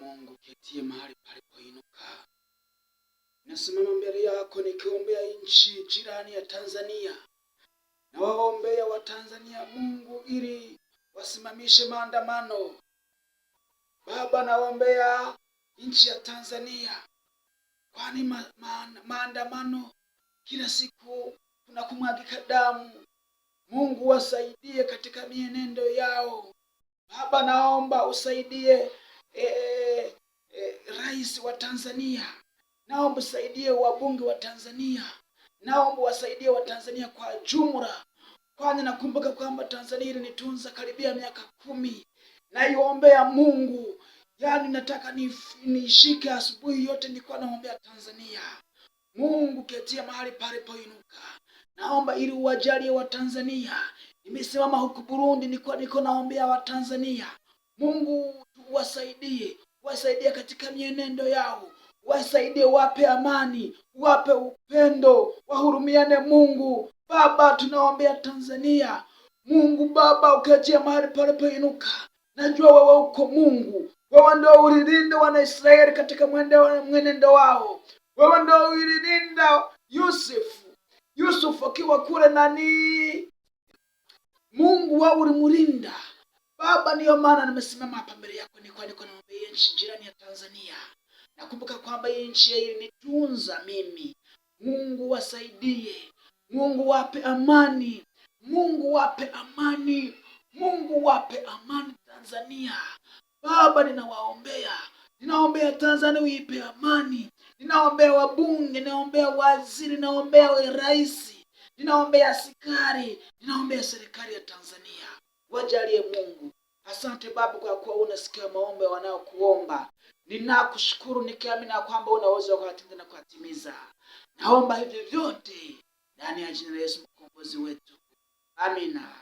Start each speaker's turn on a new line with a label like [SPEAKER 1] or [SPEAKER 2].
[SPEAKER 1] Mungu ketie mahali palipoinuka, nasimama mbele yako nikiombea nchi jirani ya Tanzania na waombea wa Tanzania Mungu, ili wasimamishe maandamano. Baba, naombea nchi ya Tanzania, kwani ma ma maandamano kila siku kuna kumwagika damu. Mungu wasaidie katika mienendo yao. Baba, naomba usaidie e, e, rais wa Tanzania, naomba saidie wabunge wa Tanzania, naomba wasaidie Watanzania kwa jumla, kwani nakumbuka kwamba Tanzania ilinitunza karibia miaka kumi. Naiombea Mungu, yaani nataka niishike ni asubuhi yote nilikuwa naombea Tanzania. Mungu ketia mahali pale poinuka naomba ili uwajalie Watanzania. Nimesimama huku Burundi, nilikuwa niko naombea Watanzania. Mungu wasaidie, wasaidie katika mienendo yao, wasaidie, wape amani, wape upendo, wahurumiane. Mungu Baba, tunaombea Tanzania. Mungu Baba, ukiachia mahali palipoinuka, najua wewe uko Mungu, wewe ndio ulilinde Wanaisraeli katika mwenendo wao, wewe ndio ulilinda Yusufu, Yusufu akiwa kule nani, Mungu wao ulimlinda Baba, ndiyo maana nimesimama hapa mbele yako, nilikuwa niko ya nchi jirani ya Tanzania. Nakumbuka kwamba hii nchi ilinitunza mimi. Mungu wasaidie, Mungu wape amani, Mungu wape amani, Mungu wape amani Tanzania. Baba, ninawaombea, ninaombea Tanzania uipe amani, ninaombea wabunge, ninaombea waziri, ninaombea rais, ninaombea askari, ninaombea serikali ya Tanzania wajalie Mungu. Asante Baba kwa kuwa unasikia maombi wanayokuomba. Ninakushukuru nikiamini kwamba unaweza kuyatenda na kuatimiza Naomba hivyo vyote ndani ya jina la Yesu mkombozi wetu, amina.